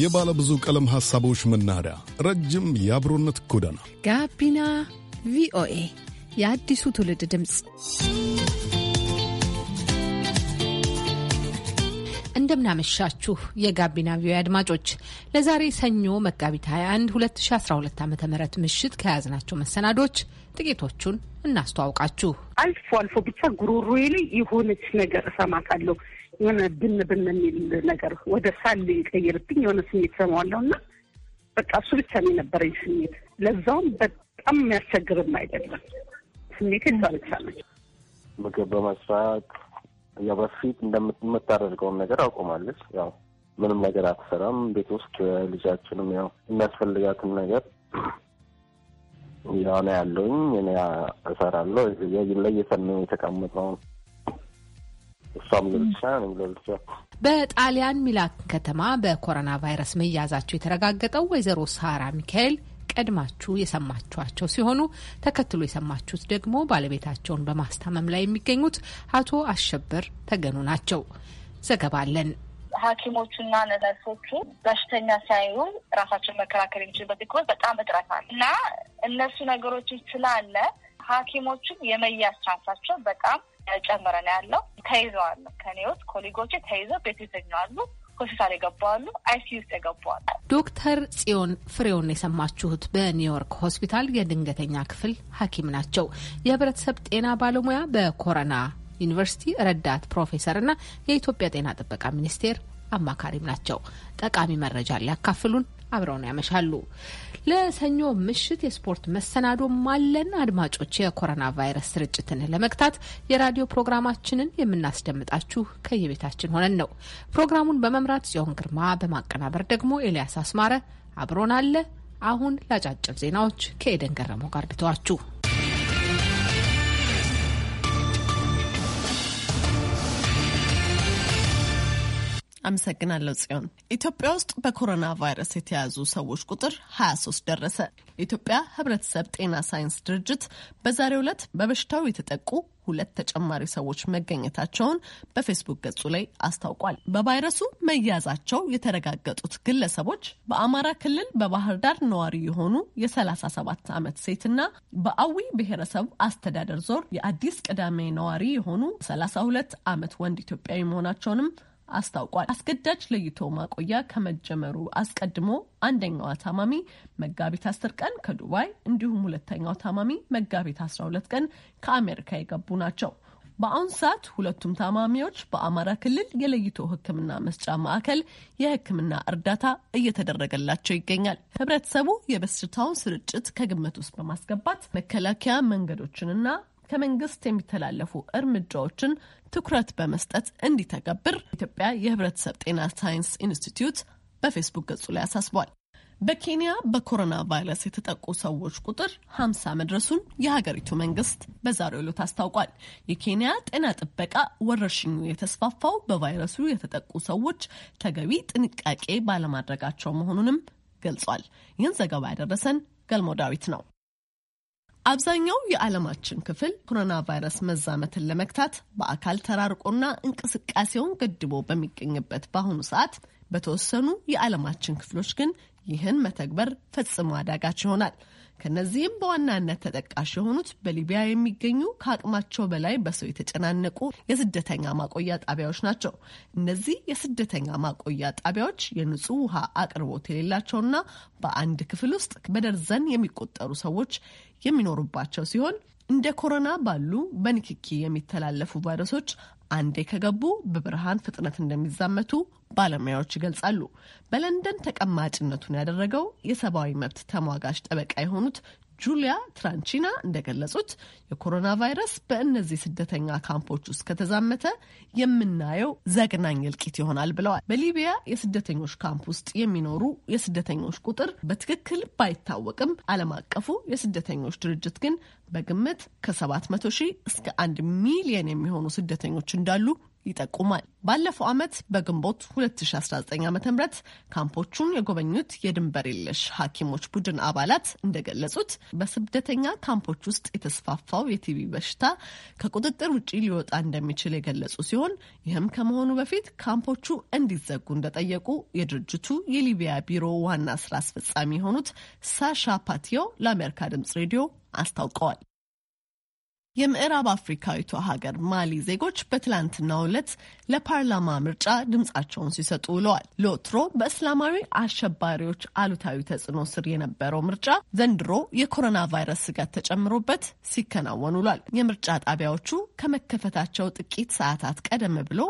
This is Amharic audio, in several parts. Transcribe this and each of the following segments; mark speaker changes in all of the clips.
Speaker 1: የባለ ብዙ ቀለም ሐሳቦች መናኸሪያ፣ ረጅም የአብሮነት ጎዳና
Speaker 2: ጋቢና ቪኦኤ የአዲሱ ትውልድ ድምፅ። እንደምናመሻችሁ የጋቢና ቪኦኤ አድማጮች፣ ለዛሬ ሰኞ መጋቢት 21 2012 ዓ ም ምሽት ከያዝናቸው መሰናዶች
Speaker 3: ጥቂቶቹን እናስተዋውቃችሁ። አልፎ አልፎ ብቻ ጉሮሮዬ ላይ የሆነች ነገር እሰማታለሁ የሆነ ብን ብን የሚል ነገር ወደ ሳል የቀየርብኝ የሆነ ስሜት ሰማዋለሁ እና በቃ እሱ ብቻ ነው የነበረኝ ስሜት። ለዛውም በጣም የሚያስቸግርም አይደለም። ስሜት እዛ ብቻ ነው።
Speaker 4: ምግብ በመስራት ያው በፊት እንደምታደርገውን ነገር አውቆማለች። ያው ምንም ነገር አትሰራም ቤት ውስጥ ልጃችንም ያው የሚያስፈልጋትን ነገር የሆነ ያለውኝ እኔ እሰራለሁ። ለየተን የተቀመጠውን እሷም ለብቻ ነው ለብቻ።
Speaker 2: በጣሊያን ሚላን ከተማ በኮሮና ቫይረስ መያዛቸው የተረጋገጠው ወይዘሮ ሳራ ሚካኤል ቀድማችሁ የሰማችኋቸው ሲሆኑ ተከትሎ የሰማችሁት ደግሞ ባለቤታቸውን በማስታመም ላይ የሚገኙት አቶ አሸብር ተገኑ ናቸው። ዘገባ አለን።
Speaker 5: ሐኪሞቹና ነርሶቹ በሽተኛ ሲያዩ ራሳቸውን መከላከል የሚችልበት ክበት በጣም እጥረት አለ እና እነሱ ነገሮችን ስላለ ሐኪሞቹም የመያዝ ቻንሳቸው በጣም ጨምረ ነው ያለው። ተይዘዋል። ከኔ ውስጥ ኮሊጎቼ ተይዘው ቤት የተኛዋሉ ሆስፒታል የገባዋሉ፣ አይሲዩ ውስጥ የገባዋሉ።
Speaker 2: ዶክተር ጽዮን ፍሬውን የሰማችሁት በኒውዮርክ ሆስፒታል የድንገተኛ ክፍል ሐኪም ናቸው። የህብረተሰብ ጤና ባለሙያ በኮረና ዩኒቨርሲቲ ረዳት ፕሮፌሰር እና የኢትዮጵያ ጤና ጥበቃ ሚኒስቴር አማካሪም ናቸው። ጠቃሚ መረጃ ሊያካፍሉን አብረውን ያመሻሉ። ለሰኞ ምሽት የስፖርት መሰናዶም አለን። አድማጮች፣ የኮሮና ቫይረስ ስርጭትን ለመግታት የራዲዮ ፕሮግራማችንን የምናስደምጣችሁ ከየቤታችን ሆነን ነው። ፕሮግራሙን በመምራት ጽዮን ግርማ፣ በማቀናበር ደግሞ ኤልያስ አስማረ አብሮን አለ። አሁን ለአጫጭር ዜናዎች ከኤደን ገረመው ጋር ልተዋችሁ።
Speaker 6: አመሰግናለሁ ጽዮን። ኢትዮጵያ ውስጥ በኮሮና ቫይረስ የተያዙ ሰዎች ቁጥር 23 ደረሰ። የኢትዮጵያ ሕብረተሰብ ጤና ሳይንስ ድርጅት በዛሬው ዕለት በበሽታው የተጠቁ ሁለት ተጨማሪ ሰዎች መገኘታቸውን በፌስቡክ ገጹ ላይ አስታውቋል። በቫይረሱ መያዛቸው የተረጋገጡት ግለሰቦች በአማራ ክልል በባህር ዳር ነዋሪ የሆኑ የ37 ዓመት ሴትና በአዊ ብሔረሰብ አስተዳደር ዞር የአዲስ ቅዳሜ ነዋሪ የሆኑ 32 ዓመት ወንድ ኢትዮጵያዊ መሆናቸውንም አስታውቋል። አስገዳጅ ለይቶ ማቆያ ከመጀመሩ አስቀድሞ አንደኛዋ ታማሚ መጋቢት አስር ቀን ከዱባይ እንዲሁም ሁለተኛው ታማሚ መጋቢት አስራ ሁለት ቀን ከአሜሪካ የገቡ ናቸው። በአሁን ሰዓት ሁለቱም ታማሚዎች በአማራ ክልል የለይቶ ሕክምና መስጫ ማዕከል የሕክምና እርዳታ እየተደረገላቸው ይገኛል። ህብረተሰቡ የበሽታውን ስርጭት ከግምት ውስጥ በማስገባት መከላከያ መንገዶችንና ከመንግስት የሚተላለፉ እርምጃዎችን ትኩረት በመስጠት እንዲተገብር ኢትዮጵያ የህብረተሰብ ጤና ሳይንስ ኢንስቲትዩት በፌስቡክ ገጹ ላይ አሳስቧል። በኬንያ በኮሮና ቫይረስ የተጠቁ ሰዎች ቁጥር 50 መድረሱን የሀገሪቱ መንግስት በዛሬው ዕለት አስታውቋል። የኬንያ ጤና ጥበቃ ወረርሽኙ የተስፋፋው በቫይረሱ የተጠቁ ሰዎች ተገቢ ጥንቃቄ ባለማድረጋቸው መሆኑንም ገልጿል። ይህን ዘገባ ያደረሰን ገልሞ ዳዊት ነው። አብዛኛው የዓለማችን ክፍል ኮሮና ቫይረስ መዛመትን ለመግታት በአካል ተራርቆና እንቅስቃሴውን ገድቦ በሚገኝበት በአሁኑ ሰዓት በተወሰኑ የዓለማችን ክፍሎች ግን ይህን መተግበር ፈጽሞ አዳጋች ይሆናል። ከነዚህም በዋናነት ተጠቃሽ የሆኑት በሊቢያ የሚገኙ ከአቅማቸው በላይ በሰው የተጨናነቁ የስደተኛ ማቆያ ጣቢያዎች ናቸው። እነዚህ የስደተኛ ማቆያ ጣቢያዎች የንጹህ ውሃ አቅርቦት የሌላቸውና በአንድ ክፍል ውስጥ በደርዘን የሚቆጠሩ ሰዎች የሚኖሩባቸው ሲሆን እንደ ኮሮና ባሉ በንክኪ የሚተላለፉ ቫይረሶች አንዴ ከገቡ በብርሃን ፍጥነት እንደሚዛመቱ ባለሙያዎች ይገልጻሉ። በለንደን ተቀማጭነቱን ያደረገው የሰብአዊ መብት ተሟጋች ጠበቃ የሆኑት ጁሊያ ትራንቺና እንደገለጹት የኮሮና ቫይረስ በእነዚህ ስደተኛ ካምፖች ውስጥ ከተዛመተ የምናየው ዘግናኝ እልቂት ይሆናል ብለዋል። በሊቢያ የስደተኞች ካምፕ ውስጥ የሚኖሩ የስደተኞች ቁጥር በትክክል ባይታወቅም ዓለም አቀፉ የስደተኞች ድርጅት ግን በግምት ከ700 ሺህ እስከ 1 ሚሊየን የሚሆኑ ስደተኞች እንዳሉ ይጠቁማል። ባለፈው ዓመት በግንቦት 2019 ዓ ም ካምፖቹን የጎበኙት የድንበር የለሽ ሐኪሞች ቡድን አባላት እንደገለጹት በስደተኛ ካምፖች ውስጥ የተስፋፋው የቲቪ በሽታ ከቁጥጥር ውጪ ሊወጣ እንደሚችል የገለጹ ሲሆን ይህም ከመሆኑ በፊት ካምፖቹ እንዲዘጉ እንደጠየቁ የድርጅቱ የሊቢያ ቢሮ ዋና ስራ አስፈጻሚ የሆኑት ሳሻ ፓቲዮ ለአሜሪካ ድምጽ ሬዲዮ አስታውቀዋል። የምዕራብ አፍሪካዊቷ ሀገር ማሊ ዜጎች በትላንትናው ዕለት ለፓርላማ ምርጫ ድምጻቸውን ሲሰጡ ውለዋል። ሎትሮ በእስላማዊ አሸባሪዎች አሉታዊ ተጽዕኖ ስር የነበረው ምርጫ ዘንድሮ የኮሮና ቫይረስ ስጋት ተጨምሮበት ሲከናወን ውሏል። የምርጫ ጣቢያዎቹ ከመከፈታቸው ጥቂት ሰዓታት ቀደም ብሎ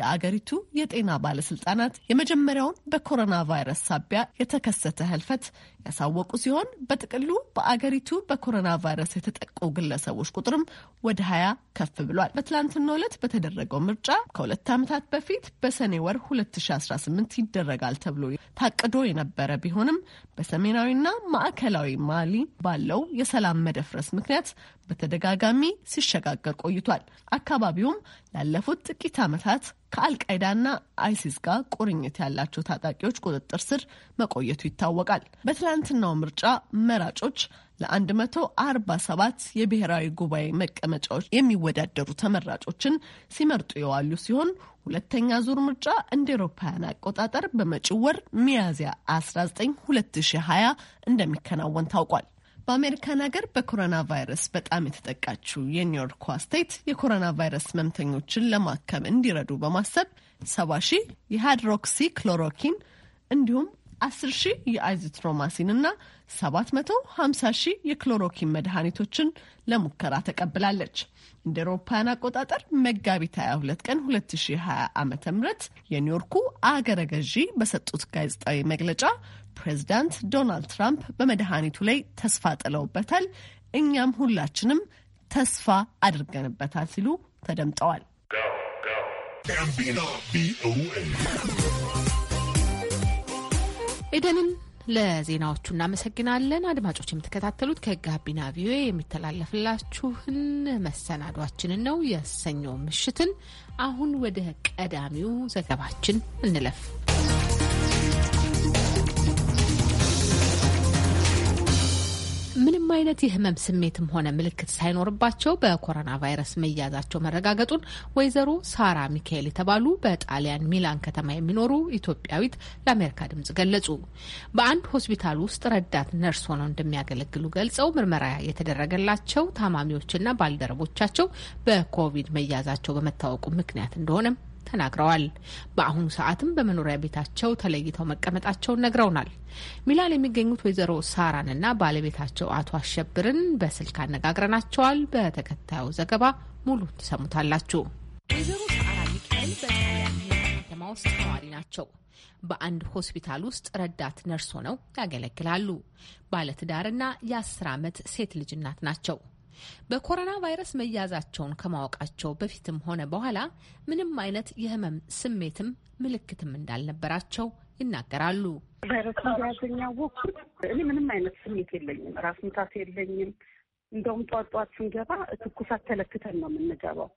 Speaker 6: የአገሪቱ የጤና ባለስልጣናት የመጀመሪያውን በኮሮና ቫይረስ ሳቢያ የተከሰተ ህልፈት ያሳወቁ ሲሆን በጥቅሉ በአገሪቱ በኮሮና ቫይረስ የተጠቁ ግለሰቦች ቁጥርም ወደ ሀያ ከፍ ብሏል። በትላንትናው ዕለት በተደረገው ምርጫ ከሁለት ዓመታት በፊት በሰኔ ወር 2018 ይደረጋል ተብሎ ታቅዶ የነበረ ቢሆንም በሰሜናዊና ማዕከላዊ ማሊ ባለው የሰላም መደፍረስ ምክንያት በተደጋጋሚ ሲሸጋገር ቆይቷል። አካባቢውም ላለፉት ጥቂት ዓመታት ከአልቃይዳና አይሲስ ጋር ቁርኝት ያላቸው ታጣቂዎች ቁጥጥር ስር መቆየቱ ይታወቃል። በትላንትናው ምርጫ መራጮች ለ147 የብሔራዊ ጉባኤ መቀመጫዎች የሚወዳደሩ ተመራጮችን ሲመርጡ የዋሉ ሲሆን ሁለተኛ ዙር ምርጫ እንደ ኤሮፓውያን አቆጣጠር በመጪው ወር ሚያዝያ 19 2020 እንደሚከናወን ታውቋል። በአሜሪካን ሀገር በኮሮና ቫይረስ በጣም የተጠቃችው የኒውዮርክ ስቴት የኮሮና ቫይረስ ህመምተኞችን ለማከም እንዲረዱ በማሰብ ሰባ ሺህ የሃይድሮክሲ ክሎሮኪን እንዲሁም አስር ሺህ የአይዝትሮማሲን እና ሰባት መቶ ሀምሳ ሺህ የክሎሮኪን መድኃኒቶችን ለሙከራ ተቀብላለች። እንደ አውሮፓውያን አቆጣጠር መጋቢት 22 ቀን 2020 ዓ ም የኒውዮርኩ አገረ ገዢ በሰጡት ጋዜጣዊ መግለጫ ፕሬዚዳንት ዶናልድ ትራምፕ በመድኃኒቱ ላይ ተስፋ ጥለውበታል፣ እኛም ሁላችንም ተስፋ አድርገንበታል ሲሉ ተደምጠዋል።
Speaker 2: ኤደንን ለዜናዎቹ እናመሰግናለን። አድማጮች የምትከታተሉት ከጋቢና ቪኦኤ የሚተላለፍላችሁን መሰናዷችንን ነው የሰኞ ምሽትን። አሁን ወደ ቀዳሚው ዘገባችን እንለፍ። ምንም አይነት የህመም ስሜትም ሆነ ምልክት ሳይኖርባቸው በኮሮና ቫይረስ መያዛቸው መረጋገጡን ወይዘሮ ሳራ ሚካኤል የተባሉ በጣሊያን ሚላን ከተማ የሚኖሩ ኢትዮጵያዊት ለአሜሪካ ድምጽ ገለጹ። በአንድ ሆስፒታል ውስጥ ረዳት ነርስ ሆነው እንደሚያገለግሉ ገልጸው ምርመራ የተደረገላቸው ታማሚዎችና ባልደረቦቻቸው በኮቪድ መያዛቸው በመታወቁ ምክንያት እንደሆነም ተናግረዋል። በአሁኑ ሰዓትም በመኖሪያ ቤታቸው ተለይተው መቀመጣቸውን ነግረውናል። ሚላን የሚገኙት ወይዘሮ ሳራንና ባለቤታቸው አቶ አሸብርን በስልክ አነጋግረናቸዋል። በተከታዩ ዘገባ ሙሉ ትሰሙታላችሁ። ወይዘሮ ሳራ ሚካኤል ውስጥ ነዋሪ ናቸው። በአንድ ሆስፒታል ውስጥ ረዳት ነርስ ሆነው ያገለግላሉ። ባለትዳርና የአስር ዓመት ሴት ልጅ እናት ናቸው። በኮሮና ቫይረስ መያዛቸውን ከማወቃቸው በፊትም ሆነ በኋላ ምንም አይነት የህመም ስሜትም ምልክትም እንዳልነበራቸው ይናገራሉ።
Speaker 3: ቫይረስ መያዘኛ ወቅት እኔ ምንም አይነት ስሜት የለኝም፣ ራስ ምታት የለኝም እንደውም ጧጧት ስንገባ ትኩሳት ተለክተን ነው የምንገባው።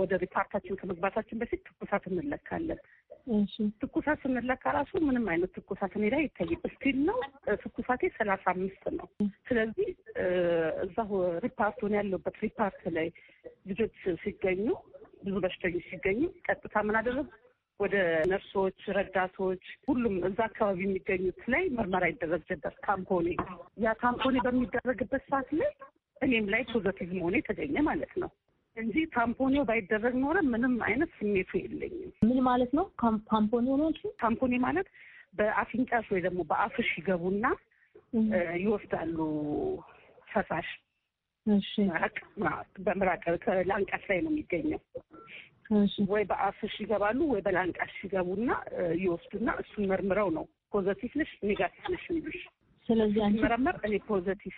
Speaker 3: ወደ ሪፓርታችን ከመግባታችን በፊት ትኩሳት እንለካለን። ትኩሳት ስንለካ ራሱ ምንም አይነት ትኩሳት እኔ ላይ ይታይም እስቲል ነው ትኩሳቴ ሰላሳ አምስት ነው። ስለዚህ እዛ ሪፓርት ሆነ ሪፓርት ላይ ልጆች ሲገኙ ብዙ በሽተኞች ሲገኙ ቀጥታ ምን አደረጉ ወደ ነርሶች፣ ረዳቶች፣ ሁሉም እዛ አካባቢ የሚገኙት ላይ ምርመራ ይደረግ ነበር። ታምፖኔ ያ ታምፖኔ በሚደረግበት ሰዓት ላይ እኔም ላይ ፖዘቲቭ መሆኔ ተገኘ ማለት ነው እንጂ ታምፖኒዮ ባይደረግ ኖረ ምንም አይነት ስሜቱ የለኝም። ምን ማለት ነው ታምፖኒዮ ነው? ታምፖኒ ማለት በአፍንጫሽ ወይ ደግሞ በአፍሽ ይገቡና ይወስዳሉ ፈሳሽ በምራቅ ላንቃት ላይ ነው የሚገኘው ወይ በአፍሽ ይገባሉ ወይ በላንቃሽ ይገቡና ይወስዱና እሱን መርምረው ነው ፖዘቲቭ ነሽ ኔጋቲቭ ነሽ የሚሉሽ። ስለዚህ መረመር እኔ ፖዘቲቭ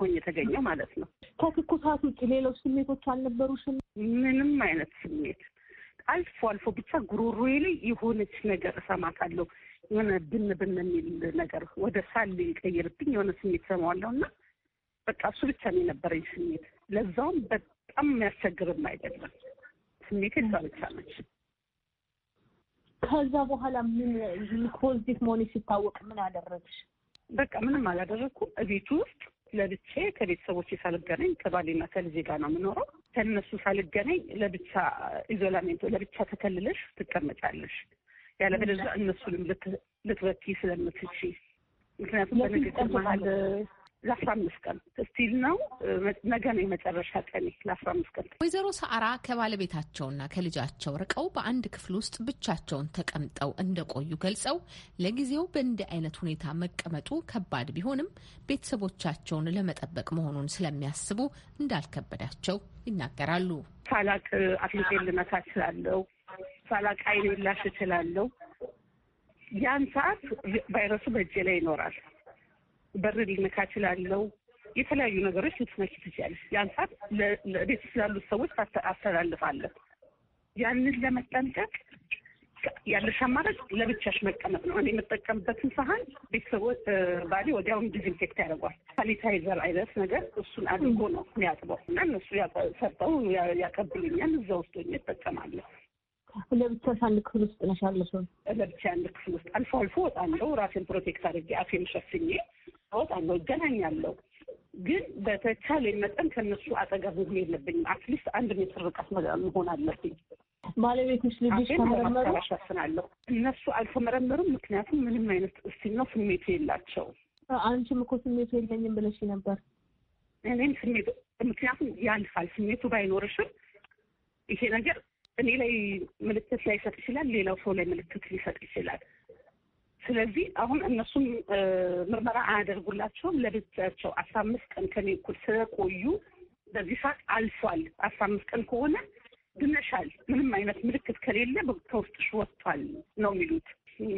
Speaker 3: ሆኜ የተገኘው ማለት ነው። ከትኩሳት ውጭ ሌሎች ስሜቶች አልነበሩሽም? ምንም አይነት ስሜት አልፎ አልፎ ብቻ ጉሮሮዬ ላይ የሆነች ነገር እሰማታለሁ። የሆነ ብን ብን የሚል ነገር ወደ ሳል ይቀይርብኝ የሆነ ስሜት እሰማዋለሁ እና በቃ እሱ ብቻ ነው የነበረኝ ስሜት። ለዛውም በጣም የሚያስቸግርም አይደለም። ስሜት እሷ ከዛ በኋላ ምን ፖዚቲቭ መሆኔ ሲታወቅ ምን አደረግሽ? በቃ ምንም አላደረግኩም። እቤት ውስጥ ለብቼ ከቤተሰቦቼ ሳልገናኝ ከባሌና ከልጄ ጋር ነው የምኖረው። ከእነሱ ሳልገናኝ ለብቻ ኢዞላሜንቶ ለብቻ ተከልለሽ ትቀመጫለሽ። ያለበለዚያ እነሱንም ልትበኪ ስለምትች ምክንያቱም በንግግር መሀል ለአስራ አምስት ቀን ስቲል ነው። ነገ ነው የመጨረሻ ቀኔ ለአስራ አምስት ቀን።
Speaker 2: ወይዘሮ ሰአራ ከባለቤታቸውና ከልጃቸው ርቀው በአንድ ክፍል ውስጥ ብቻቸውን ተቀምጠው እንደቆዩ ገልጸው ለጊዜው በእንዲህ አይነት ሁኔታ መቀመጡ ከባድ ቢሆንም ቤተሰቦቻቸውን ለመጠበቅ መሆኑን ስለሚያስቡ እንዳልከበዳቸው ይናገራሉ። ሳላቅ አፍንጫዬን ልመታ
Speaker 3: እችላለሁ። ሳላቅ ዓይኔን ላሽ እችላለሁ። ያን ሰዓት ቫይረሱ በእጄ ላይ ይኖራል። በር ሊነካ እችላለሁ። የተለያዩ ነገሮች ልትነኪ ትችያለሽ። ያን ሰዓት ቤት ስላሉት ሰዎች አስተላልፋለሁ። ያንን ለመጠንቀቅ ያለሽ አማራጭ ለብቻሽ መቀመጥ ነው። እኔ የምጠቀምበትን ሳህን ቤተሰቦች ባሌ ወዲያውን ዲዝንፌክት ያደርጓል። ሳኒታይዘር አይነት ነገር እሱን አድርጎ ነው የሚያጥበው እና እነሱ ሰርተው ያቀብሉኛል። እዛ ውስጥ ሆኜ እጠቀማለሁ። ለብቻሽ አንድ ክፍል ውስጥ ነሽ ለብቻ አንድ ክፍል ውስጥ አልፎ አልፎ ወጣለሁ። ራሴን ፕሮቴክት አድርጌ አፌን ሸፍኜ እወጣለሁ፣ እገናኛለሁ። ግን በተቻለ መጠን ከነሱ አጠገብ መሆን የለብኝም። አትሊስት አንድ ሜትር ርቀት መሆን አለብኝ። ባለቤቶች ልጆች ተመረመሩ እነሱ አልተመረመሩም፣ ምክንያቱም ምንም አይነት እስቲ ነው ስሜቱ የላቸው። አንቺም እኮ ስሜቱ የለኝም ብለሽ ነበር። እኔም ስሜቱ ምክንያቱም ያልፋል። ስሜቱ ባይኖርሽም ይሄ ነገር እኔ ላይ ምልክት ላይሰጥ ይችላል፣ ሌላው ሰው ላይ ምልክት ሊሰጥ ይችላል። ስለዚህ አሁን እነሱም ምርመራ አያደርጉላቸውም። ለቤተሰባቸው አስራ አምስት ቀን ከኔ እኩል ስለቆዩ በዚህ ሰዓት አልፏል። አስራ አምስት ቀን ከሆነ ድነሻል፣ ምንም አይነት ምልክት ከሌለ ከውስጥሽ ወጥቷል ነው የሚሉት።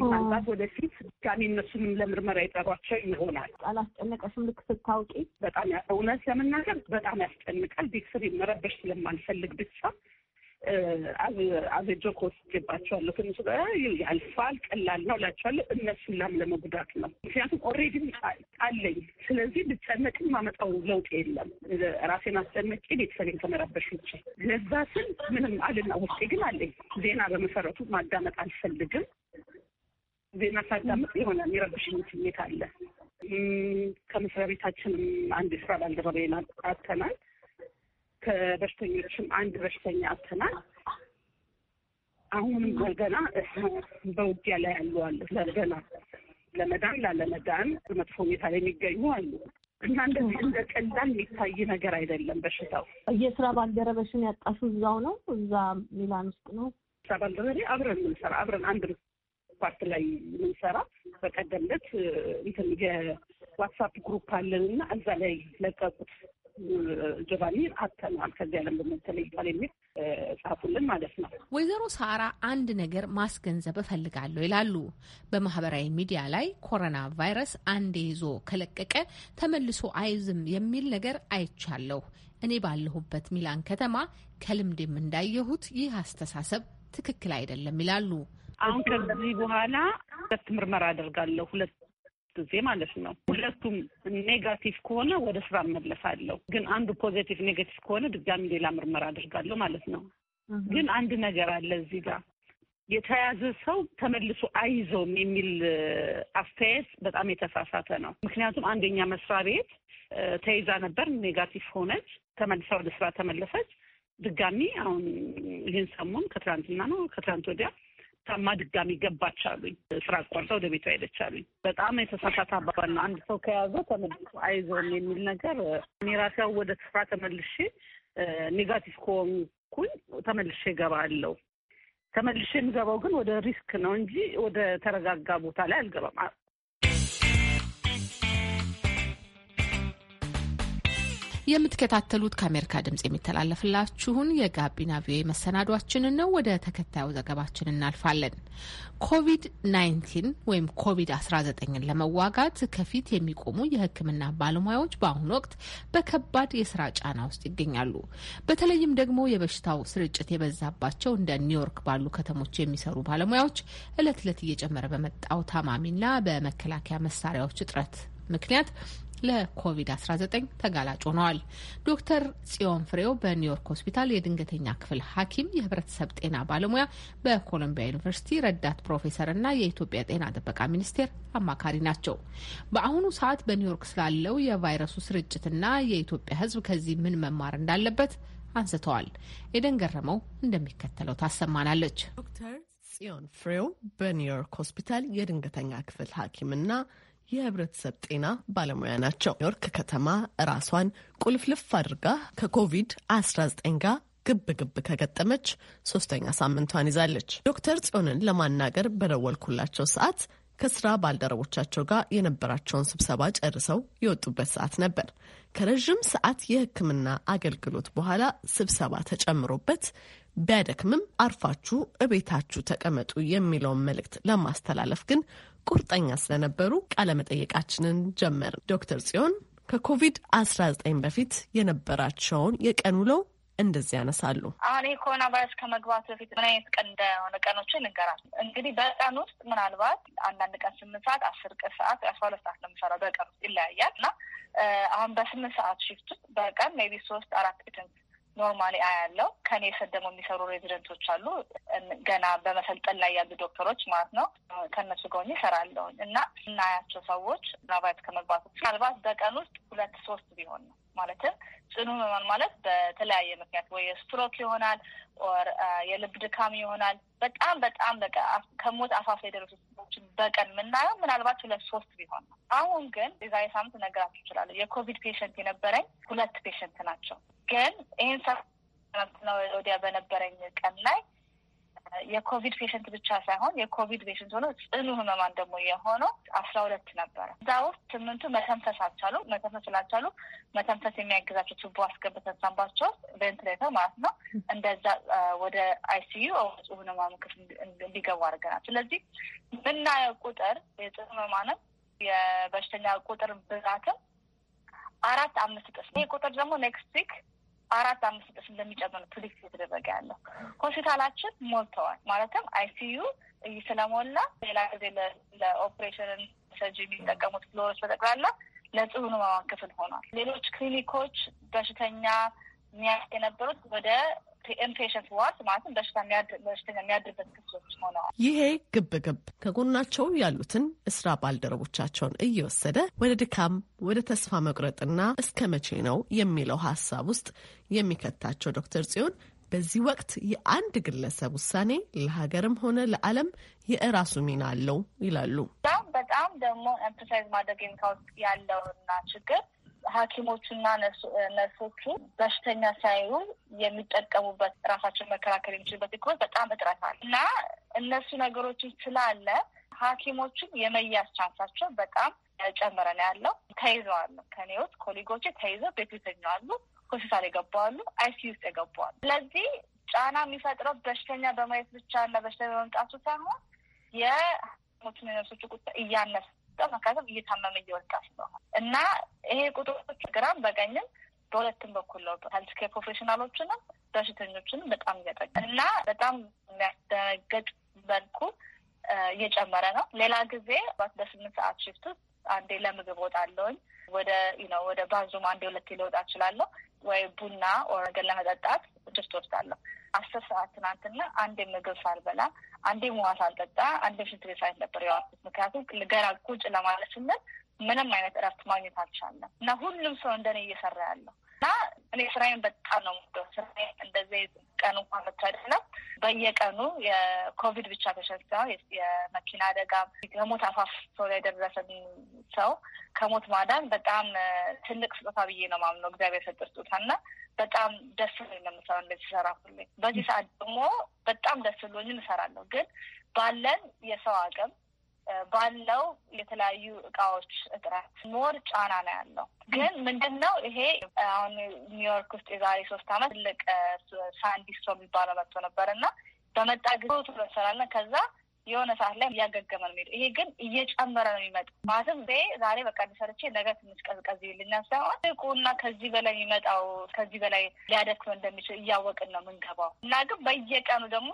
Speaker 3: ምናልባት ወደፊት ድጋሚ እነሱንም ለምርመራ የጠሯቸው ይሆናል። አላስጨነቀሽም? ልክ ስታውቂ በጣም እውነት ለመናገር በጣም ያስጨንቃል። ቤተሰብ መረበሽ ስለማንፈልግ ብቻ አቤጆ ስገባቸዋለሁ ከእነሱ ጋር ያልፋል፣ ቀላል ነው እላቸዋለሁ። ላም ለመጉዳት ነው። ምክንያቱም ኦሬዲ አለኝ። ስለዚህ ብጨነቅ ማመጣው ለውጥ የለም። ራሴን አስጨነቄ ቤተሰቤን ከመረበሽ ውጭ ለዛ ስል ምንም አልና ውስጤ ግን አለኝ። ዜና በመሰረቱ ማዳመጥ አልፈልግም። ዜና ሳዳመጥ የሆነ የሚረብሽኝ ስሜት አለ። ከመስሪያ ቤታችንም አንድ ስራ ባልደረባዬን አጥተናል። ከበሽተኞችም አንድ በሽተኛ አተናል። አሁን ገና በውጊያ ላይ ያሉ አሉ። ለገና ለመዳን ላለመዳን በመጥፎ ሁኔታ ላይ የሚገኙ አሉ እና እንደዚህ እንደ ቀላል የሚታይ ነገር አይደለም በሽታው።
Speaker 5: የስራ ባልደረበሽን ያጣሹ እዛው ነው? እዛ ሚላን ውስጥ
Speaker 3: ነው? ስራ ባልደረቤ አብረን የምንሰራ አብረን አንድ ፓርት ላይ የምንሰራ በቀደምለት እንትን የዋትሳፕ ግሩፕ አለን እና እዛ ላይ ለቀቁት። ጆቫኒ አተናል ከዚያ ለም በሞት የሚል ጻፉልን ማለት ነው።
Speaker 2: ወይዘሮ ሳራ አንድ ነገር ማስገንዘብ እፈልጋለሁ ይላሉ። በማህበራዊ ሚዲያ ላይ ኮሮና ቫይረስ አንዴ ይዞ ከለቀቀ ተመልሶ አይዝም የሚል ነገር አይቻለሁ። እኔ ባለሁበት ሚላን ከተማ ከልምድም እንዳየሁት ይህ አስተሳሰብ
Speaker 3: ትክክል አይደለም ይላሉ። አሁን ከዚህ በኋላ ሁለት ምርመራ አደርጋለሁ ሁለት ጊዜ ማለት ነው። ሁለቱም ኔጋቲቭ ከሆነ ወደ ስራ እመለሳለሁ፣ ግን አንዱ ፖዚቲቭ ኔጋቲቭ ከሆነ ድጋሚ ሌላ ምርመራ አድርጋለሁ ማለት ነው። ግን አንድ ነገር አለ እዚህ ጋር የተያዘ ሰው ተመልሶ አይዞም የሚል አስተያየት በጣም የተሳሳተ ነው። ምክንያቱም አንደኛ መስሪያ ቤት ተይዛ ነበር፣ ኔጋቲቭ ሆነች፣ ተመልሳ ወደ ስራ ተመለሰች። ድጋሚ አሁን ይህን ሰሞን ከትላንትና ነው ከትላንት ወዲያ ታማ ድጋሚ ገባች አሉኝ። ስራ አቋርጠ ወደ ቤቷ ሄደች አሉኝ። በጣም የተሳሳተ አባባል ነው። አንድ ሰው ከያዘው ተመልሶ አይዞን የሚል ነገር እኔ ራሴው ወደ ስፍራ ተመልሼ ኔጋቲቭ ከሆንኩኝ ተመልሼ እገባለሁ። ተመልሼ የምገባው ግን ወደ ሪስክ ነው እንጂ ወደ ተረጋጋ ቦታ ላይ አልገባም።
Speaker 2: የምትከታተሉት ከአሜሪካ ድምጽ የሚተላለፍላችሁን የጋቢና ቪኦኤ መሰናዷችንን ነው። ወደ ተከታዩ ዘገባችን እናልፋለን። ኮቪድ-19 ወይም ኮቪድ-19ን ለመዋጋት ከፊት የሚቆሙ የሕክምና ባለሙያዎች በአሁኑ ወቅት በከባድ የስራ ጫና ውስጥ ይገኛሉ። በተለይም ደግሞ የበሽታው ስርጭት የበዛባቸው እንደ ኒውዮርክ ባሉ ከተሞች የሚሰሩ ባለሙያዎች እለት እለት እየጨመረ በመጣው ታማሚና በመከላከያ መሳሪያዎች እጥረት ምክንያት ለኮቪድ-19 ተጋላጭ ሆነዋል። ዶክተር ጽዮን ፍሬው በኒውዮርክ ሆስፒታል የድንገተኛ ክፍል ሐኪም፣ የህብረተሰብ ጤና ባለሙያ፣ በኮሎምቢያ ዩኒቨርሲቲ ረዳት ፕሮፌሰር እና የኢትዮጵያ ጤና ጥበቃ ሚኒስቴር አማካሪ ናቸው። በአሁኑ ሰዓት በኒውዮርክ ስላለው የቫይረሱ ስርጭትና የኢትዮጵያ ህዝብ ከዚህ ምን መማር እንዳለበት አንስተዋል። ኤደን ገረመው እንደሚከተለው ታሰማናለች።
Speaker 6: ዶክተር ጽዮን
Speaker 2: ፍሬው በኒውዮርክ ሆስፒታል የድንገተኛ ክፍል
Speaker 6: ሐኪምና የህብረተሰብ ጤና ባለሙያ ናቸው። ኒውዮርክ ከተማ ራሷን ቁልፍልፍ አድርጋ ከኮቪድ-19 ጋር ግብ ግብ ከገጠመች ሶስተኛ ሳምንቷን ይዛለች። ዶክተር ጽዮንን ለማናገር በደወልኩላቸው ሰዓት ከስራ ባልደረቦቻቸው ጋር የነበራቸውን ስብሰባ ጨርሰው የወጡበት ሰዓት ነበር። ከረዥም ሰዓት የህክምና አገልግሎት በኋላ ስብሰባ ተጨምሮበት ቢያደክምም አርፋችሁ እቤታችሁ ተቀመጡ የሚለውን መልእክት ለማስተላለፍ ግን ቁርጠኛ ስለነበሩ መጠየቃችንን ጀመር ዶክተር ጽዮን ከኮቪድ-19 በፊት የነበራቸውን የቀን ውለው እንደዚህ ያነሳሉ።
Speaker 5: አሁን ይህ ኮሮና ቫይረስ ከመግባቱ በፊት ምን አይነት ቀን እንደሆነ ቀኖችን እንገራል። እንግዲህ በቀን ውስጥ ምናልባት አንዳንድ ቀን ስምንት ሰዓት፣ አስር ቀን ሰዓት፣ አስራ ሁለት ሰዓት ነው የምሰራው በቀን ውስጥ ይለያያል እና አሁን በስምንት ሰዓት ሽፍት ውስጥ በቀን ሜይ ቢ ሶስት አራት ቀን ኖርማሊ አያለው። ከኔ የሰደሙ የሚሰሩ ሬዚደንቶች አሉ፣ ገና በመሰልጠን ላይ ያሉ ዶክተሮች ማለት ነው። ከእነሱ ጋር ሆኜ እና እናያቸው ሰዎች ናቫይት ከመግባቱ ምናልባት በቀን ውስጥ ሁለት ሶስት ቢሆን ነው ማለትም ጽኑ ህመማን ማለት በተለያየ ምክንያት ወይ ስትሮክ ይሆናል ኦር የልብ ድካም ይሆናል። በጣም በጣም በቃ ከሞት አፋፍ የደረሱ ሰዎችን በቀን የምናየው ምናልባት ሁለት ሶስት ቢሆን ነው። አሁን ግን የዛሬ ሳምንት እነግራችሁ እችላለሁ። የኮቪድ ፔሽንት የነበረኝ ሁለት ፔሽንት ናቸው። ግን ይህን ሰትና ወዲያ በነበረኝ ቀን ላይ የኮቪድ ፔሽንት ብቻ ሳይሆን የኮቪድ ፔሽንት ሆኖ ጽኑ ህመማን ደግሞ የሆነው አስራ ሁለት ነበረ። እዛ ውስጥ ስምንቱ መተንፈስ አልቻሉ። መተንፈስ ስላልቻሉ መተንፈስ የሚያግዛቸው ቱቦ አስገብተን ሰንባቸው ቬንትሌተር ማለት ነው። እንደዛ ወደ አይሲዩ ጽኑ ህመማን ክፍል እንዲገቡ አድርገናል። ስለዚህ ምናየው ቁጥር የጽኑ ህመማንም የበሽተኛ ቁጥር ብዛትም አራት አምስት ጥፍ ይህ ቁጥር ደግሞ ኔክስት ዊክ አራት አምስት እጥፍ እንደሚጨምር ፕሪዲክት እየተደረገ ያለው ሆስፒታላችን ሞልተዋል። ማለትም አይሲዩ ስለሞላ ሌላ ጊዜ ለኦፕሬሽንን ሰርጅ የሚጠቀሙት ፍሎሮች በጠቅላላ ለጽኑ ህሙማን ክፍል ሆኗል። ሌሎች ክሊኒኮች በሽተኛ ሚያስ የነበሩት ወደ ኢምፔሽንት ዋርድ ማለትም በሽታ በሽተኛ የሚያድርበት ክፍሎች ሆነዋል።
Speaker 6: ይሄ ግብ ግብ ከጎናቸው ያሉትን እስራ ባልደረቦቻቸውን እየወሰደ ወደ ድካም፣ ወደ ተስፋ መቁረጥና እስከ መቼ ነው የሚለው ሀሳብ ውስጥ የሚከታቸው ዶክተር ጽዮን በዚህ ወቅት የአንድ ግለሰብ ውሳኔ ለሀገርም ሆነ ለዓለም የእራሱ ሚና አለው ይላሉ።
Speaker 5: በጣም ደግሞ ኤምፕሳይዝ ማድረግ ያለውና ችግር ሐኪሞቹና ነርሶቹ በሽተኛ ሲያዩ የሚጠቀሙበት ራሳቸውን መከላከል የሚችልበት ህክምና በጣም እጥረት አለ እና እነሱ ነገሮችን ስላለ ሐኪሞችን የመያዝ ቻንሳቸው በጣም ጨመረ ነው ያለው። ተይዘዋል። ከኔ ውስጥ ኮሊጎቼ ተይዘው ቤት ይተኛዋሉ፣ ሆስፒታል የገባዋሉ፣ አይሲ ውስጥ የገባዋሉ። ስለዚህ ጫና የሚፈጥረው በሽተኛ በማየት ብቻ እና በሽተኛ በመምጣቱ ሳይሆን የሞቱን የነርሶቹ ቁጥር እያነሰ ኢትዮጵያ መካከል እየታመመ እየወጣ ስለሆነ እና ይሄ ቁጥሮች ግራም በቀኝም በሁለትም በኩል ለውጡ ሄልዝ ፕሮፌሽናሎችንም በሽተኞችንም በጣም እያጠቀ እና በጣም የሚያስደነግጥ መልኩ እየጨመረ ነው። ሌላ ጊዜ በስምንት ሰዓት ሽፍት ውስጥ አንዴ ለምግብ ወጣለሁኝ ወደ ነው ወደ ባዙም አንዴ ሁለት ልወጣ እችላለሁ ወይ ቡና ወር ለመጠጣት ሽፍት ወስዳለሁ። አስር ሰዓት ትናንትና አንዴ ምግብ ሳልበላ አንዴ ውሃ ሳልጠጣ አንዴ ሽንት ቤት ሳይት ነበር የዋልኩት። ምክንያቱም ገና ቁጭ ለማለት ስንል ምንም አይነት እረፍት ማግኘት አልቻለም እና ሁሉም ሰው እንደኔ እየሰራ ያለው እና እኔ ስራዬን በጣም ነው የምወደው። ስራዬ እንደዚህ ቀን እንኳን መታደለም በየቀኑ የኮቪድ ብቻ ተሸንሳ የመኪና አደጋ ከሞት አፋፍ ሰው ላይ ደረሰን ሰው ከሞት ማዳን በጣም ትልቅ ስጦታ ብዬ ነው ማምነው። እግዚአብሔር ሰጠ ስጦታ እና በጣም ደስ ብሎኝ ነው የምሰራው። እንደዚህ ሰራ ሁሌ በዚህ ሰዓት ደግሞ በጣም ደስ ብሎኝ እንሰራለሁ። ግን ባለን የሰው አቅም ባለው የተለያዩ እቃዎች እጥረት ኖር ጫና ነው ያለው። ግን ምንድን ነው ይሄ አሁን ኒውዮርክ ውስጥ የዛሬ ሶስት አመት ትልቅ ሳንዲስትሮ የሚባለው መጥቶ ነበር እና በመጣ ጊዜ ቶሎ ይሰራልና ከዛ የሆነ ሰዓት ላይ እያገገመ ነው የሚሄዱ። ይሄ ግን እየጨመረ ነው የሚመጣ ማለትም ይ ዛሬ በቃ ሰርቼ ነገ ትንሽ ቀዝቀዝ ይልና ሳይሆን እና ከዚህ በላይ የሚመጣው ከዚህ በላይ ሊያደክመ እንደሚችል እያወቅን ነው የምንገባው እና ግን በየቀኑ ደግሞ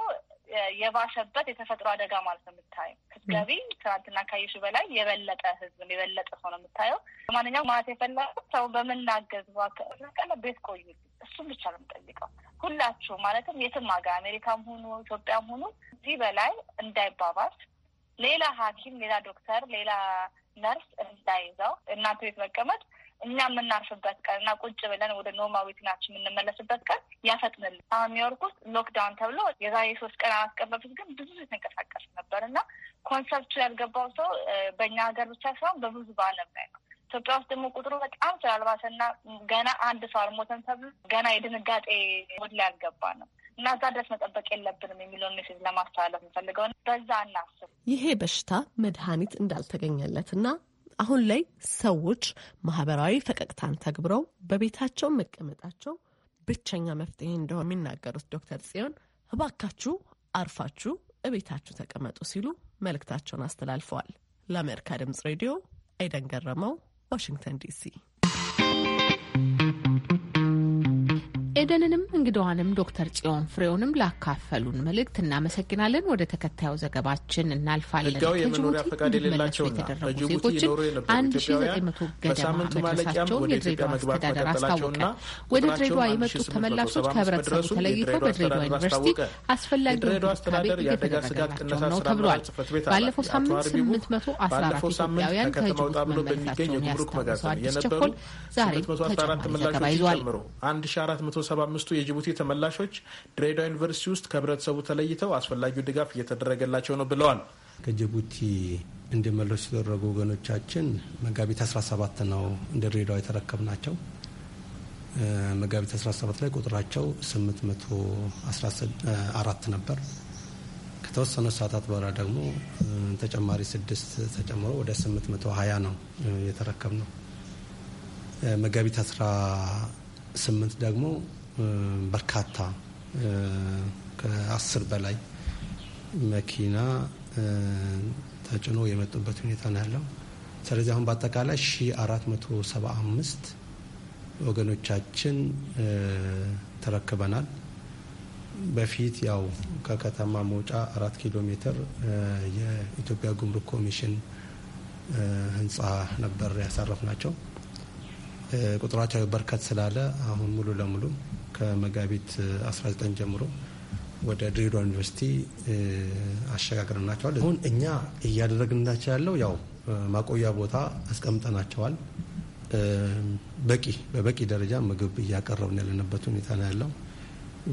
Speaker 5: የባሸበት የተፈጥሮ አደጋ ማለት ነው የምታየው። ስትገቢ ትናንትና ካየሽ በላይ የበለጠ ህዝብ የበለጠ ሰው ነው የምታየው። ማንኛውም ማለት የፈለገው ሰው በምናገዝ ቀለ ቤት ቆዩ፣ እሱም ብቻ ነው የምጠይቀው። ሁላችሁ ማለትም የትም ሀገር አሜሪካም ሆኑ ኢትዮጵያም ሆኑ እዚህ በላይ እንዳይባባስ ሌላ ሐኪም ሌላ ዶክተር ሌላ ነርስ እንዳይዘው እናንተ ቤት መቀመጥ እኛ የምናርፍበት ቀን እና ቁጭ ብለን ወደ ኖማ ትናችን የምንመለስበት ቀን ያፈጥንል። አሁን ኒውዮርክ ውስጥ ሎክዳውን ተብሎ የዛሬ ሶስት ቀን አራት ግን ብዙ የተንቀሳቀስ ነበር እና ኮንሰፕቱ ያልገባው ሰው በእኛ ሀገር ብቻ ሳይሆን በብዙ በዓለም ላይ ነው። ኢትዮጵያ ውስጥ ደግሞ ቁጥሩ በጣም ስላልባሰና ገና አንድ ሰው አልሞተም ተብሎ ገና የድንጋጤ ወድ ላይ ያልገባ ነው እና እዛ ድረስ መጠበቅ የለብንም የሚለውን ሜሴጅ ለማስተላለፍ የምፈልገው በዛ እናስብ።
Speaker 6: ይሄ በሽታ መድኃኒት እንዳልተገኘለትና አሁን ላይ ሰዎች ማህበራዊ ፈቀቅታን ተግብረው በቤታቸው መቀመጣቸው ብቸኛ መፍትሄ እንደሆነ የሚናገሩት ዶክተር ጽዮን እባካችሁ አርፋችሁ እቤታችሁ ተቀመጡ ሲሉ መልእክታቸውን አስተላልፈዋል። ለአሜሪካ ድምጽ
Speaker 2: ሬዲዮ አይደን ገረመው፣ ዋሽንግተን ዲሲ ኤደንንም እንግዳዋንም ዶክተር ጽዮን ፍሬውንም ላካፈሉን መልእክት እናመሰግናለን። ወደ ተከታዩ ዘገባችን እናልፋለን። ህጋዊ የመኖሪያ ፈቃድ የሌላቸውና በጅቡቲ ይኖሩ የነበሩ ኢትዮጵያውያን በሳምንቱ ማለቂያም ወደ ድሬዳዋ የመጡት ተመላሾች ከህብረተሰቡ ተለይተው በድሬዳዋ ዩኒቨርሲቲ
Speaker 6: ተብሏል። ባለፈው ሳምንት ስምንት
Speaker 7: መቶ አስራ አራት ኢትዮጵያውያን ከጅቡቲ መመለሳቸውን ያስታወሰው አዲስ ቸኮል ተጨማሪ ዘገባ ይዟል። 75ቱ የጅቡቲ ተመላሾች ድሬዳዋ ዩኒቨርሲቲ ውስጥ ከህብረተሰቡ ተለይተው አስፈላጊው ድጋፍ እየተደረገላቸው ነው ብለዋል።
Speaker 4: ከጅቡቲ እንዲመለሱ የተደረጉ ወገኖቻችን መጋቢት 17 ነው እንደ ድሬዳዋ የተረከብናቸው። መጋቢት 17 ላይ ቁጥራቸው 814 ነበር። ከተወሰነ ሰዓታት በኋላ ደግሞ ተጨማሪ ስድስት ተጨምሮ ወደ 820 ነው የተረከብ ነው። መጋቢት 18 ደግሞ በርካታ ከአስር በላይ መኪና ተጭኖ የመጡበት ሁኔታ ነው ያለው። ስለዚህ አሁን በአጠቃላይ ሺ አምስት ወገኖቻችን ተረክበናል። በፊት ያው ከከተማ መውጫ አራት ኪሎ ሜትር የኢትዮጵያ ጉምሩክ ኮሚሽን ህንፃ ነበር ናቸው። ቁጥራቸው በርከት ስላለ አሁን ሙሉ ለሙሉ ከመጋቢት 19 ጀምሮ ወደ ድሬዳዋ ዩኒቨርሲቲ አሸጋግረናቸዋል። አሁን እኛ እያደረግንላቸው ያለው ያው ማቆያ ቦታ አስቀምጠናቸዋል። በቂ በበቂ ደረጃ ምግብ እያቀረብን ያለንበት ሁኔታ ነው ያለው።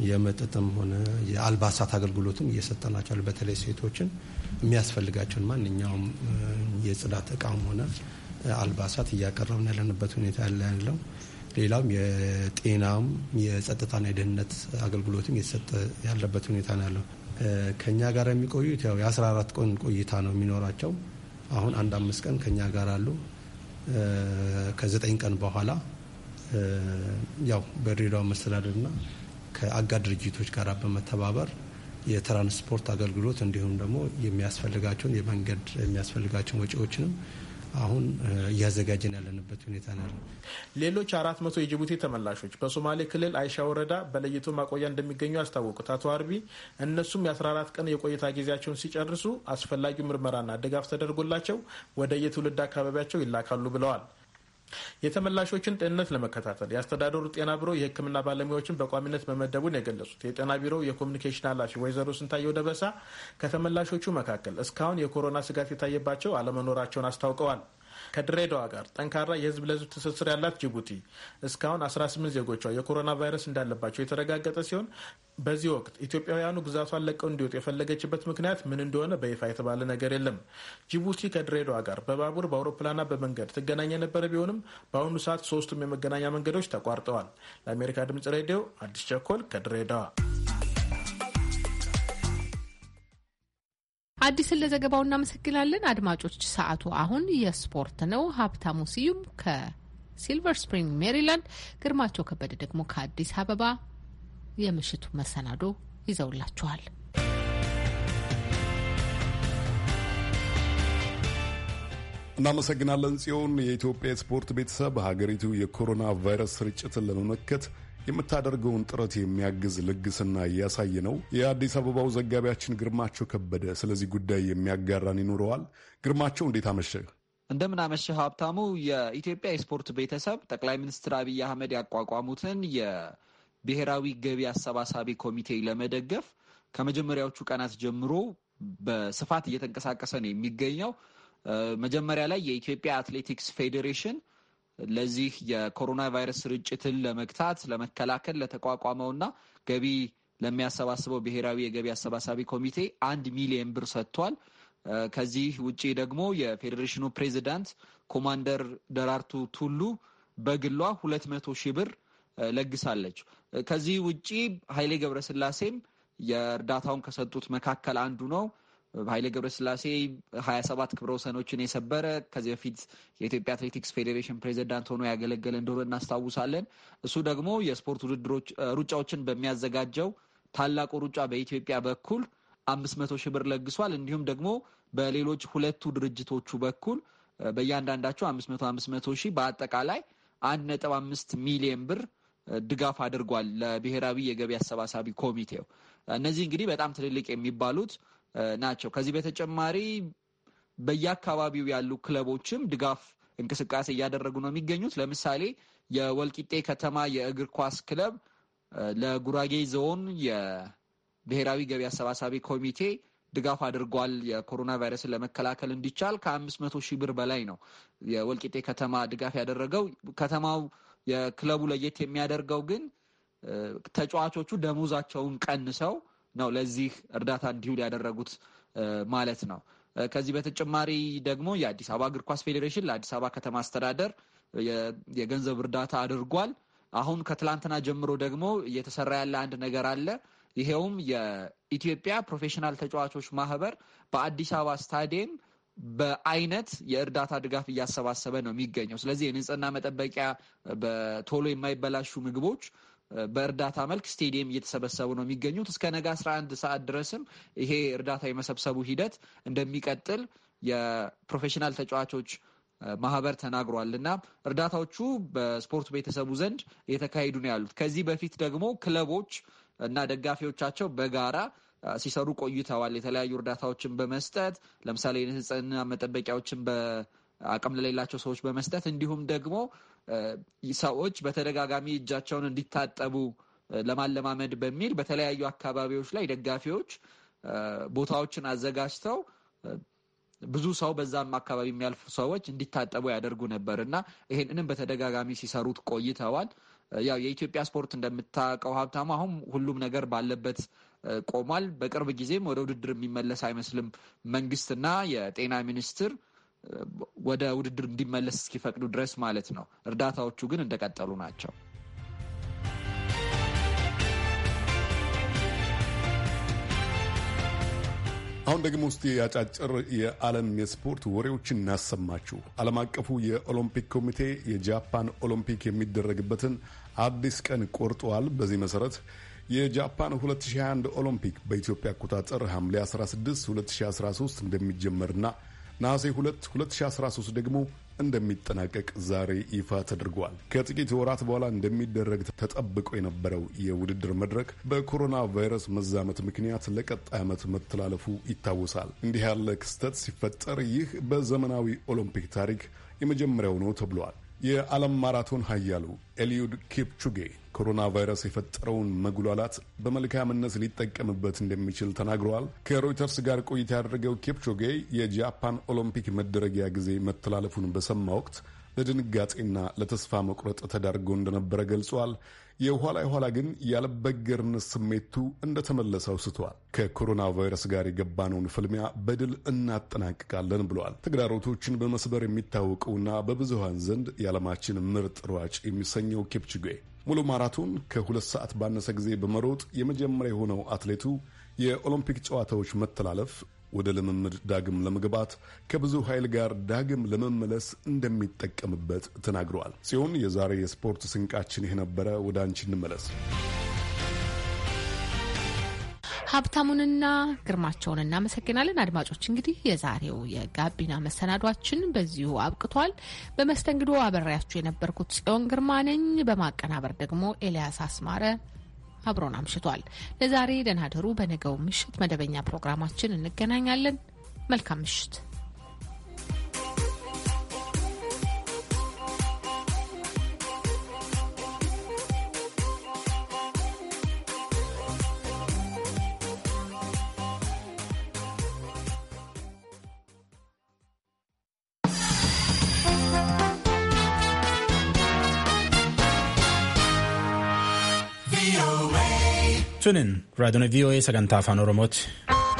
Speaker 4: የመጠጥም ሆነ የአልባሳት አገልግሎትም እየሰጠናቸዋል። በተለይ ሴቶችን የሚያስፈልጋቸውን ማንኛውም የጽዳት እቃም ሆነ አልባሳት እያቀረብን ያለንበት ሁኔታ ያለ ያለው ሌላም የጤናም የጸጥታና የደህንነት አገልግሎትም እየተሰጠ ያለበት ሁኔታ ነው ያለው። ከእኛ ጋር የሚቆዩት ያው የአስራ አራት ቀን ቆይታ ነው የሚኖራቸው። አሁን አንድ አምስት ቀን ከእኛ ጋር አሉ። ከዘጠኝ ቀን በኋላ ያው በድሬዳዋ መስተዳድርና ከአጋር ድርጅቶች ጋር በመተባበር የትራንስፖርት አገልግሎት እንዲሁም ደግሞ የሚያስፈልጋቸውን የመንገድ የሚያስፈልጋቸውን ወጪዎችንም አሁን እያዘጋጀን ያለንበት ሁኔታ ነው።
Speaker 7: ሌሎች አራት መቶ የጅቡቲ ተመላሾች በሶማሌ ክልል አይሻ ወረዳ በለይቶ ማቆያ እንደሚገኙ ያስታወቁት አቶ አርቢ እነሱም የ14 ቀን የቆይታ ጊዜያቸውን ሲጨርሱ አስፈላጊው ምርመራና ድጋፍ ተደርጎላቸው ወደ የትውልድ አካባቢያቸው ይላካሉ ብለዋል። የተመላሾችን ጤንነት ለመከታተል የአስተዳደሩ ጤና ቢሮ የሕክምና ባለሙያዎችን በቋሚነት መመደቡን የገለጹት የጤና ቢሮ የኮሚኒኬሽን ኃላፊ ወይዘሮ ስንታየው ደበሳ ከተመላሾቹ መካከል እስካሁን የኮሮና ስጋት የታየባቸው አለመኖራቸውን አስታውቀዋል። ከድሬዳዋ ጋር ጠንካራ የህዝብ ለህዝብ ትስስር ያላት ጅቡቲ እስካሁን 18 ዜጎቿ የኮሮና ቫይረስ እንዳለባቸው የተረጋገጠ ሲሆን በዚህ ወቅት ኢትዮጵያውያኑ ግዛቷን ለቀው እንዲወጡ የፈለገችበት ምክንያት ምን እንደሆነ በይፋ የተባለ ነገር የለም። ጅቡቲ ከድሬዳዋ ጋር በባቡር በአውሮፕላንና በመንገድ ትገናኝ የነበረ ቢሆንም በአሁኑ ሰዓት ሶስቱም የመገናኛ መንገዶች ተቋርጠዋል። ለአሜሪካ ድምጽ ሬዲዮ አዲስ ቸኮል ከድሬዳዋ
Speaker 2: አዲስን ለዘገባው እናመሰግናለን። አድማጮች፣ ሰዓቱ አሁን የስፖርት ነው። ሀብታሙ ስዩም ከሲልቨር ስፕሪንግ ሜሪላንድ፣ ግርማቸው ከበደ ደግሞ ከአዲስ አበባ የምሽቱ መሰናዶ ይዘውላችኋል።
Speaker 1: እናመሰግናለን ጽዮን። የኢትዮጵያ የስፖርት ቤተሰብ ሀገሪቱ የኮሮና ቫይረስ ስርጭትን ለመመከት የምታደርገውን ጥረት የሚያግዝ ልግስና እያሳየ ነው። የአዲስ አበባው ዘጋቢያችን ግርማቸው ከበደ ስለዚህ ጉዳይ የሚያጋራን ይኖረዋል። ግርማቸው እንዴት አመሸህ?
Speaker 8: እንደምን አመሸህ ሀብታሙ። የኢትዮጵያ የስፖርት ቤተሰብ ጠቅላይ ሚኒስትር አብይ አህመድ ያቋቋሙትን የብሔራዊ ገቢ አሰባሳቢ ኮሚቴ ለመደገፍ ከመጀመሪያዎቹ ቀናት ጀምሮ በስፋት እየተንቀሳቀሰ ነው የሚገኘው። መጀመሪያ ላይ የኢትዮጵያ አትሌቲክስ ፌዴሬሽን ለዚህ የኮሮና ቫይረስ ስርጭትን ለመግታት ለመከላከል ለተቋቋመውና ገቢ ለሚያሰባስበው ብሔራዊ የገቢ አሰባሳቢ ኮሚቴ አንድ ሚሊየን ብር ሰጥቷል። ከዚህ ውጪ ደግሞ የፌዴሬሽኑ ፕሬዚዳንት ኮማንደር ደራርቱ ቱሉ በግሏ ሁለት መቶ ሺህ ብር ለግሳለች። ከዚህ ውጪ ኃይሌ ገብረስላሴም የእርዳታውን ከሰጡት መካከል አንዱ ነው። ኃይሌ ገብረስላሴ ሀያ ሰባት ክብረ ወሰኖችን የሰበረ ከዚህ በፊት የኢትዮጵያ አትሌቲክስ ፌዴሬሽን ፕሬዚዳንት ሆኖ ያገለገለ እንደሆነ እናስታውሳለን። እሱ ደግሞ የስፖርት ውድድሮች ሩጫዎችን በሚያዘጋጀው ታላቁ ሩጫ በኢትዮጵያ በኩል አምስት መቶ ሺህ ብር ለግሷል። እንዲሁም ደግሞ በሌሎች ሁለቱ ድርጅቶቹ በኩል በእያንዳንዳቸው አምስት መቶ አምስት መቶ ሺህ በአጠቃላይ አንድ ነጥብ አምስት ሚሊየን ብር ድጋፍ አድርጓል ለብሔራዊ የገቢ አሰባሳቢ ኮሚቴው። እነዚህ እንግዲህ በጣም ትልልቅ የሚባሉት ናቸው። ከዚህ በተጨማሪ በየአካባቢው ያሉ ክለቦችም ድጋፍ እንቅስቃሴ እያደረጉ ነው የሚገኙት። ለምሳሌ የወልቂጤ ከተማ የእግር ኳስ ክለብ ለጉራጌ ዞን የብሔራዊ ገቢ አሰባሳቢ ኮሚቴ ድጋፍ አድርጓል። የኮሮና ቫይረስን ለመከላከል እንዲቻል ከአምስት መቶ ሺህ ብር በላይ ነው የወልቂጤ ከተማ ድጋፍ ያደረገው። ከተማው የክለቡ ለየት የሚያደርገው ግን ተጫዋቾቹ ደሞዛቸውን ቀንሰው ነው ለዚህ እርዳታ እንዲውል ያደረጉት ማለት ነው። ከዚህ በተጨማሪ ደግሞ የአዲስ አበባ እግር ኳስ ፌዴሬሽን ለአዲስ አበባ ከተማ አስተዳደር የገንዘብ እርዳታ አድርጓል። አሁን ከትላንትና ጀምሮ ደግሞ እየተሰራ ያለ አንድ ነገር አለ። ይሄውም የኢትዮጵያ ፕሮፌሽናል ተጫዋቾች ማህበር በአዲስ አበባ ስታዲየም በአይነት የእርዳታ ድጋፍ እያሰባሰበ ነው የሚገኘው። ስለዚህ የንጽህና መጠበቂያ፣ በቶሎ የማይበላሹ ምግቦች በእርዳታ መልክ ስቴዲየም እየተሰበሰቡ ነው የሚገኙት። እስከ ነገ 11 ሰዓት ድረስም ይሄ እርዳታ የመሰብሰቡ ሂደት እንደሚቀጥል የፕሮፌሽናል ተጫዋቾች ማህበር ተናግሯል እና እርዳታዎቹ በስፖርት ቤተሰቡ ዘንድ እየተካሄዱ ነው ያሉት። ከዚህ በፊት ደግሞ ክለቦች እና ደጋፊዎቻቸው በጋራ ሲሰሩ ቆይተዋል። የተለያዩ እርዳታዎችን በመስጠት ለምሳሌ ንጽህና መጠበቂያዎችን በአቅም ለሌላቸው ሰዎች በመስጠት እንዲሁም ደግሞ ሰዎች በተደጋጋሚ እጃቸውን እንዲታጠቡ ለማለማመድ በሚል በተለያዩ አካባቢዎች ላይ ደጋፊዎች ቦታዎችን አዘጋጅተው ብዙ ሰው በዛም አካባቢ የሚያልፉ ሰዎች እንዲታጠቡ ያደርጉ ነበር እና ይህንንም በተደጋጋሚ ሲሰሩት ቆይተዋል። ያው የኢትዮጵያ ስፖርት እንደምታውቀው ሀብታሙ አሁን ሁሉም ነገር ባለበት ቆሟል። በቅርብ ጊዜም ወደ ውድድር የሚመለስ አይመስልም። መንግስትና የጤና ሚኒስትር ወደ ውድድር እንዲመለስ እስኪፈቅዱ ድረስ ማለት ነው። እርዳታዎቹ ግን እንደቀጠሉ ናቸው።
Speaker 1: አሁን ደግሞ ውስጥ ያጫጭር የዓለም የስፖርት ወሬዎችን እናሰማችሁ። ዓለም አቀፉ የኦሎምፒክ ኮሚቴ የጃፓን ኦሎምፒክ የሚደረግበትን አዲስ ቀን ቆርጠዋል። በዚህ መሠረት የጃፓን 2021 ኦሎምፒክ በኢትዮጵያ አቆጣጠር ሐምሌ 16 2013 እንደሚጀመርና ነሐሴ 2 2013 ደግሞ እንደሚጠናቀቅ ዛሬ ይፋ ተደርጓል። ከጥቂት ወራት በኋላ እንደሚደረግ ተጠብቆ የነበረው የውድድር መድረክ በኮሮና ቫይረስ መዛመት ምክንያት ለቀጣይ ዓመት መተላለፉ ይታወሳል። እንዲህ ያለ ክስተት ሲፈጠር ይህ በዘመናዊ ኦሎምፒክ ታሪክ የመጀመሪያው ነው ተብሏል። የዓለም ማራቶን ኃያሉ ኤልዩድ ኬፕቹጌ ኮሮና ቫይረስ የፈጠረውን መጉላላት በመልካምነት ሊጠቀምበት እንደሚችል ተናግረዋል። ከሮይተርስ ጋር ቆይታ ያደረገው ኬፕቾጌ የጃፓን ኦሎምፒክ መደረጊያ ጊዜ መተላለፉን በሰማ ወቅት ለድንጋጤና ለተስፋ መቁረጥ ተዳርጎ እንደነበረ ገልጿል። የኋላ የኋላ ግን ያልበገርነት ስሜቱ እንደተመለሰ አውስቷል። ከኮሮና ቫይረስ ጋር የገባነውን ፍልሚያ በድል እናጠናቅቃለን ብለዋል። ተግዳሮቶችን በመስበር የሚታወቀውና በብዙሃን ዘንድ የዓለማችን ምርጥ ሯጭ የሚሰኘው ኬፕችጌ ሙሉ ማራቶን ከሁለት ሰዓት ባነሰ ጊዜ በመሮጥ የመጀመሪያ የሆነው አትሌቱ የኦሎምፒክ ጨዋታዎች መተላለፍ ወደ ልምምድ ዳግም ለመግባት ከብዙ ኃይል ጋር ዳግም ለመመለስ እንደሚጠቀምበት ተናግረዋል። ሲሆን የዛሬ የስፖርት ስንቃችን ነበረ ወደ አንቺ እንመለስ።
Speaker 2: ሀብታሙንና ግርማቸውን እናመሰግናለን። አድማጮች እንግዲህ የዛሬው የጋቢና መሰናዷችን በዚሁ አብቅቷል። በመስተንግዶ አበሬያችሁ የነበርኩት ጽዮን ግርማ ነኝ። በማቀናበር ደግሞ ኤልያስ አስማረ አብሮን አምሽቷል። ለዛሬ ደህና ደሩ። በነገው ምሽት መደበኛ ፕሮግራማችን እንገናኛለን። መልካም ምሽት።
Speaker 4: tuniin raadiyoon vii'oo'ee sagantaa afaan oromooti.